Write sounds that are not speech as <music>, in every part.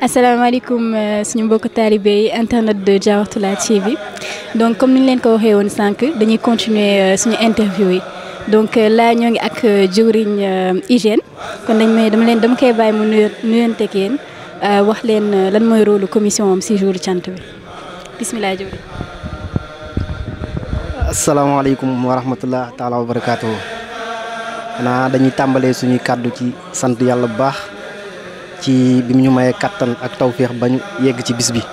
Assalamualaikum, euh, suñu mbokk talibé internet de Diawartoulah TV donc comme niñ leen ko waxé won sank, dañuy continuer euh, suñu interview yi donc euh, la ñoo ngi ak jëwriñ hygiène kon dañ may dama leen dama kay bay mu nuyo nuyonteeg yéen wax leen lan moy rôle commission am si jour tiant bi bisimilah jëwriñ. asalaamaaleykum wa rahmatullah taala wa barakaatu. xanaa dañuy tambalé suñu kàddu ci sante Yalla bu baax ci bi ñu maye katan ak tawfiix bañu yegg ci bis bi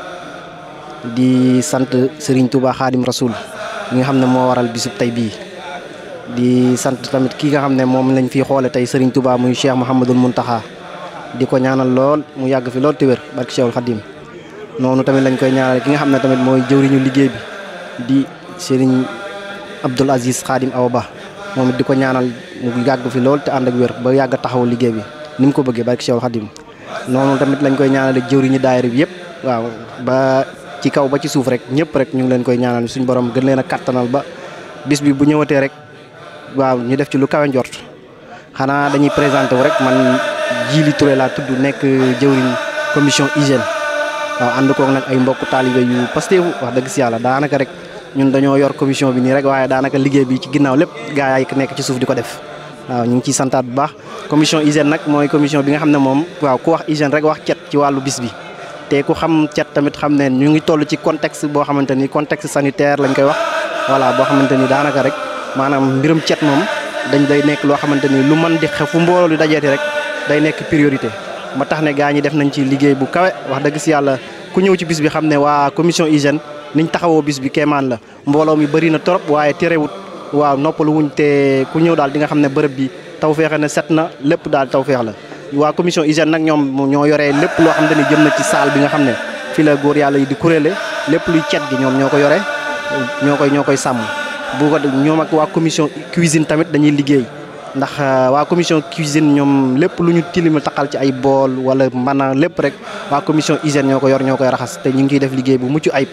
di sante Serigne Touba Khadim Rasoul mi nga xamne mo waral bisub tay bi di sante tamit ki nga xamne mom lañ fi xolé tay Serigne Touba muy Cheikh Muntaha di ñaanal lool mu yagg fi lool ti wër barki Cheikhul Khadim nonu tamit lañ koy ñaanal ki nga xamne tamit moy jeewriñu liggey bi di Serigne Abdul Aziz Khadim awba Ba diko di ñaanal mu yagg fi lool te and ak wër ba yagg taxaw liggey bi nim ko bëgge barki Cheikhul Khadim nonu tamit lañ koy ñaanale jëwriñu daayira bi yëpp waaw ba ci kaw ba ci suuf rek ñëpp rek ñu ngi leen koy ñaanal suñu borom gën leen a kattanal ba bis bi bu ñëwate rek waaw ñu def ci lu kawe njort xanaa dañuy présenté wu rek man jili Touré laa tudd nekk jëwriñ commission hygiène waaw ànd koog nag ay mbokk taalibe yu pasteefu wax dëgg si yàlla daanaka rek ñun dañoo yor commission bi nii rek waaye daanaka liggéey bi ci ginnaaw lépp gaa yi nekk ci suuf di ko def waaw ñu ngi ciy santaat bu baax commission hygiène nak moy commission bi nga xamne mom waaw ku wax hygiène rek wax ciat ci walu bis bi te ku xam ciat tamit xam ñu ngi tollu ci contexte bo xamanteni contexte sanitaire lañ koy wax wala bo xamanteni ni daanaka rek manam mbirum ciat mom dañ day nekk lo xamanteni lu man di xefu mbolo lu dajeeti rek day nekk priorité ma tax ne def nañ ci liggéey bu kawé wax dëgg ci yalla ku ñëw ci bis bi ne commission hygiène niñ taxawoo bis bi kéman la mbolo mi bari na trop waaye terewut waaw noppalu wuñ te ku ñëw dal di nga ne bi tawféexe na set na lépp daal tawféex la waa commission hygiène nag ñoom ñoo yoree lépp loo xam ne jëm na ci saal bi nga xam ne fii la góor yàlla yi di kuréele lépp luy cet gi ñoom ñoo ko yore ñoo koy ñoo koy sàmm bu ko ñoom ak waa commission cuisine tamit dañuy liggéey ndax euh, waa commission cuisine ñoom lépp lu ñu tilima taqal ci ay bool wala mbana lépp rek waa commission hygiène ñoo ko yor ñoo koy raxas te ñu ngi ciy def liggéey bu mucc ayib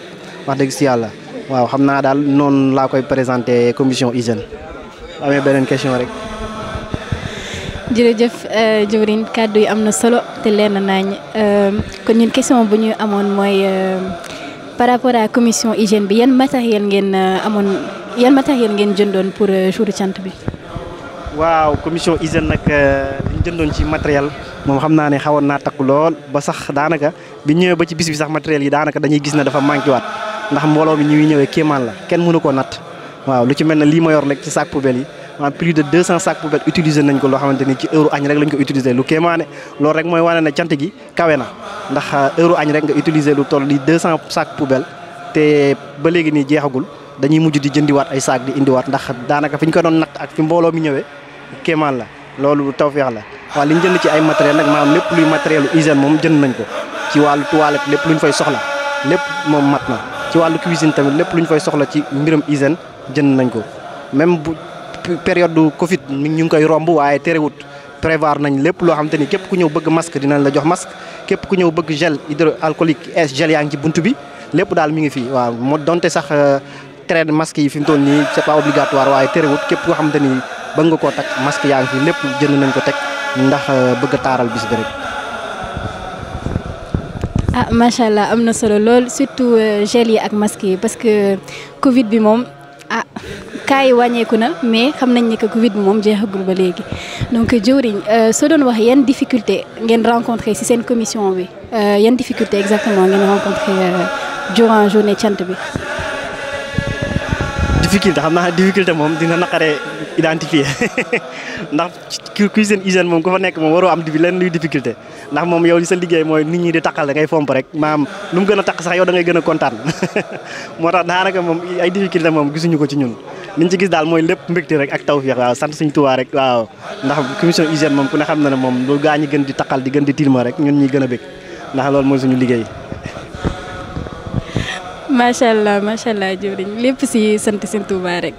wax dëgg si yàlla waaw xam naa daal noonu laa koy présenté commission hygiène amee beneen question rek jërëjëf jëwriñ euh, kàddu yi am na solo te leer na nañ euh, kon ñun question bu ñu amoon mooy euh, par rapport à commission hygiène bi yan matériel ngeen amoon yan matériel ngeen jëndoon pour jouru cant bi. waaw commission hygiène nag li ñu jëndoon ci matériel moom xam naa ne xawoon naa takku lool ba sax daanaka bi ñëwee ba ci bis bi sax matériel yi daanaka dañuy gis ne dafa manqué waat ndax mbooloo mi ñuy ñëwee kiimaan la kenn mënu ko natt waaw lu ci mel ne lii ma yor rek ci saak poubelle yi. en plus de 200 sacs poubelles utilisé nañ ko loo xamante ni ci heure añ rek lañ ko utilisé lu kéemaane loolu rek mooy wane ne cant gi kawe na ndax euh, heure añ rek nga utilisé lu toll ni 200 sacs poubelles te ba léegi nii jeexagul dañuy mujj di jëndiwaat ay saak di indiwaat ndax daanaka fi ñu ko doon natt ak fi mbooloo mi ñëwee kéemaan la loolu tawféex la waaw li ñu jënd ci ay matériel nag maa lépp luy matériel lu hygiène moom jënd nañ ko ci wàllu toilette lépp lu ñu fay soxla lépp moom mat na ci wàllu cuisine lépp lu ñu fay soxla ci mbiram hygiène jënd nañ ko période du Covid ñu ngi koy romb waaye terewut prévoir nañ lépp loo xam te ni képp ku ñëw bëgg masque dinañ la jox masque képp ku ñëw bëgg gel hydroalcoolique es gel yaa ngi lépp daal mi ngi fii waaw moo donte sax euh, traite masque yi fi mu toll nii c'est pas obligatoire waaye terewut képp koo xam te bëgg nga koo takk masque yaa ngi fii lépp jënd nañ ko teg ndax euh, bëgg taaral bi rek ah macha allah na solo lool surtout euh, gel yi ak masque yi parce que Covid bi moom ah cas yi wàññeeku mais xam nañ ne que Covid mom moom jeexagul ba léegi donc jëwriñ euh, so doon wax yan difficulté ngeen rencontrer ci seen commission bi euh, yan difficulté exactement ngeen rencontré euh, durant journée cant bi. difficulté xam naa difficulté moom dina naqaree identifier <laughs> ndax kuy seen hygiène moom ku fa nekk moom waroo am difi leen luy difficulté ndax moom yow li sa liggéey mooy nit ñi di taqal da ngay fomp rek maam lu mu gën a da ngay gën a kontaan <laughs> moo tax daanaka moom ay difficulté moom gisuñu ko ci ñun liñ ci gis daal mooy lépp mbégte rek ak tawfeex waaw sant suñ Tuubaa rek waaw ndax commission moom ku ne xam na ne moom lu gaa ñi gën di taqal di gën di tilma rek ñun ñuy gën a bég ndax loolu mooy suñu liggéey <laughs> macha allah macha allah jëwriñ lépp si sant seen Tuuba rek.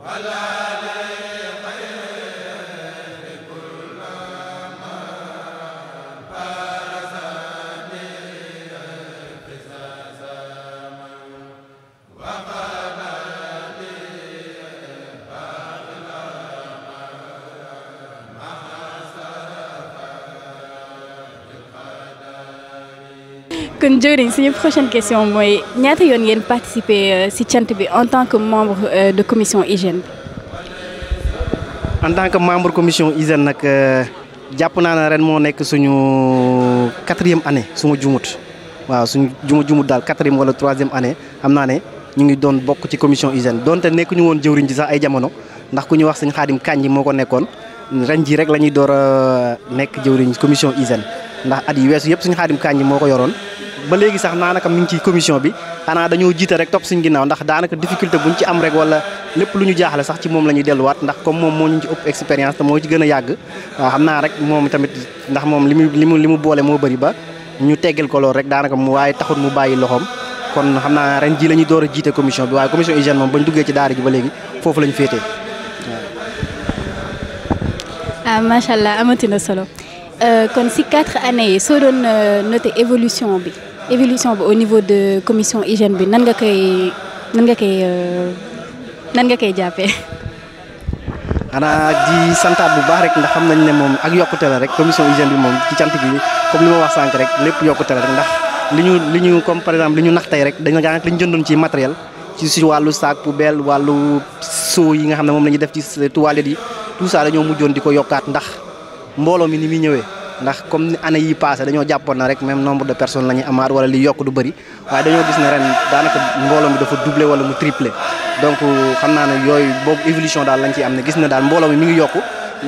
wala kon jëriñ suñu prochaine question mooy ñaata yoon ngeen participer ci euh, cant bi en tant que membre euh, de commission hygiène en tant que membre commission hygiène nak euh, jàpp naa ne ren moo nekk suñu quatrième année su ma jumut waaw suñu juma jumut daal quatrième wala troisième année xam naa ñu ngi doon bokk ci commission hygiène donte nekk ñu woon jëwriñ ci sax ay jamono ndax ku ñu wax sëñ Xaadim Kànji moo ko nekkoon ren jii rek la ñuy door a commission hygiène ndax at yi weesu yëpp suñu Xaadim Kànji moo ko yoroon. ba léegi sax naanaka mi ngi ci commission bi xanaa dañoo jiite rek topp suñ ginnaaw ndax daanaka difficulté buñ ci am rek wala lépp lu ñu jaaxle sax ci moom la ñuy delluwaat ndax comme moom moo ñu ci ëpp expérience te moo ci gën a yàgg waaw xam naa rek moom tamit ndax moom li mu li mu li mu boole moo bari ba ñu teggal ko lool rek daanaka mu waaye taxul mu bàyyi loxoom kon xam naa ren ji lañuy ñuy door a jiite commission bi waaye commission hygiène moom bañ duggee ci daara ji ba léegi foofu la ñu féetee ah macha allah amati euh, yi soo doon euh, noté évolution bi évolution au niveau de commission hygiène bi nan nga kay nan nga kay euh, nan nga kay jappé ana di santa bu baax rek ndax xam nañ ne ak yokkute la rek commission hygiène bi mom ci cant bi comme lima wax sank rek lepp yokkute la rek ndax liñu liñu comme par exemple liñu nax tay rek dañu daanaka li liñu jëndon ci matériel ci ci walu sac poubelle walu sou yi nga mom lañu def ci toilette yi tout ça dañu diko yokkat ndax mbolo mi ni mi ñëwé ndax comme année yi passé dañu jàppoon na rek même nombre de personnes lañu amar wala li yok du bëri waaye dañu gis ne ren danaka mbolom bi dafa doubler wala mu tripler donc xamna na yoy bob évolution lañ ci amne gis na dal mbolom mi mi ngi yok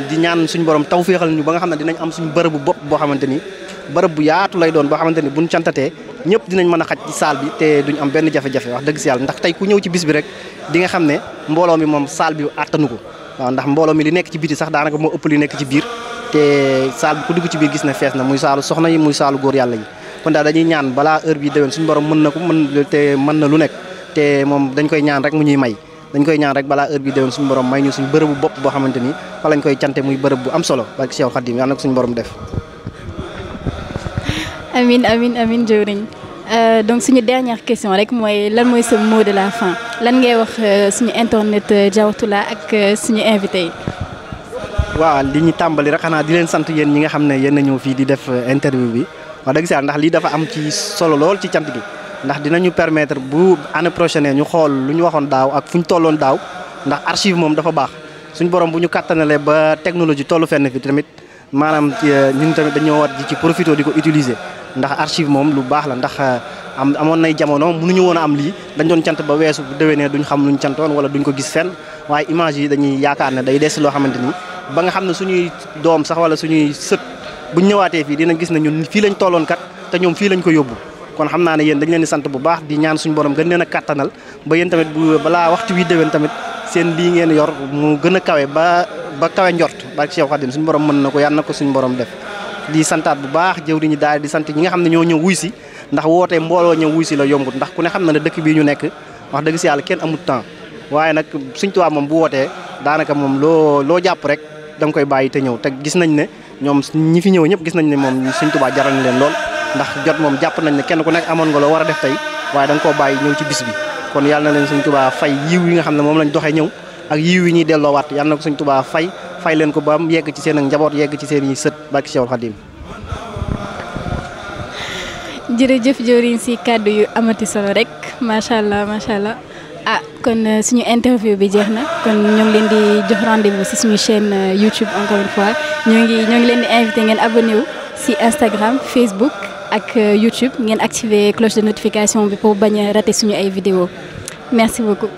di ñaan suñu borom tawfiixal ñu ba nga xamne dinañ am suñu bërëbu bopp bo xamanteni ni bu yaatu lay doon bo xamanteni buñu buñ ñepp dinañ mëna a ci salle bi te duñ am benn jafe-jafe wax dëgg ci yalla ndax tay ku ñëw ci bis bi rek di nga xamne mbolom mi mom salle bi attanu ko ndax mbolom mi li nekk ci biti sax daanaka mo ëpp li nekk ci biir te saal bi ku dugg ci biir gis na fees na muy saalu soxna yi muy saalu góor yàlla yi kon daal dañuy ñaan balaa heure bi déwén suñu borom mën na ko mën te mën na lu nekk te moom dañ koy ñaan rek mu ñuy may dañ koy ñaan rek balaa heure bi déwén suñu borom may ñu suñu bërëbu bopp boo xamante ni fa koy cante muy bërëb bu am solo barke Cheikh Khadim yàlla na ko suñu borom def amin amin amin jëwriñ euh, donc suñu question rek mooy lan mooy sa mot de la fin lan ngay wax euh, suñu internet euh, la ak suñu invité yi wa li ñi tambali rek xana di leen sant yeen ñi nga xamne yeen yéen fi di def euh, interview bi wa dëgg si ndax li dafa am ci solo lol ci cant gi ndax dinañu permettre bu année prochaine ñu xol lu ñu daw daaw ak fuñ ñu daaw ndax archive mom dafa bax suñ borom bu ñu ba technologie tollu fenn fi tamit manam euh, ñun tamit dañu wat ci profito diko utiliser ndax archive mom lu bax la ndax euh, am amon nay jamono mënuñu ñu a am li dañ doon cant ba weesu bu duñ xam luñ cantoon wala duñ ko gis fenn waye image yi dañuy yaakaar ne day dess lo xamanteni ba nga xamne dom suñuy dom sax wala suñuy seut bu ñëwaaté fi dinañ gis na ñun fi lañ tolon kat te ñom fi lañ ko yobbu kon xamna naa ne yéen dañ leen di sant bu baax di ñaan suñu borom gën leen katanal ba yeen tamit bu bala waxtu wi déwén tamit seen li ngeen yor mu gëna kawé kawe ba kawé kawe ba ci xew xadim suñu borom mën nako ko nako boram suñu borom def di santat bu baax jëw di daal di sant ñi nga xamne ñoo ñew wuy si ndax wote mbolo ñew wuy si la yombut ndax ku ne xamna na ñu nekk wax dëgg si yalla kenn amut temps waaye nak suñ tuwaa mom bu wote daanaka mom lo lo japp rek da nga koy bàyyi te ñëw te gis nañ ne ñoom ñi fi ñëw ñëpp gis nañ ne moom Sëñ Tuubaa jaral leen lool ndax jot moom jàpp nañ ne kenn ku nekk amoon nga loo war a def tey waaye da nga koo bàyyi ñëw ci bis bi kon yàlla na leen Sëñ Tuubaa fay yiw yi nga xam ne moom lañ doxee ñëw ak yiw yi ñuy delloowaat yàlla na ko Sëñ tubaa fay fay leen ko ba yegg ci seen ak njaboot yegg ci seen i sët barki Seexul Xadiim jërëjëf jëwriñ si kàddu yu amati solo rek macha allah macha allah ah kon euh, suñu interview bi sûr, na kon ñoo leen rendez-vous sur suñu chaîne euh, YouTube encore une fois nous ngi leen invité ngeen abonné wu Instagram Facebook et euh, YouTube ngeen activer cloche de notification pour ne pas rater suñu ay vidéo merci beaucoup.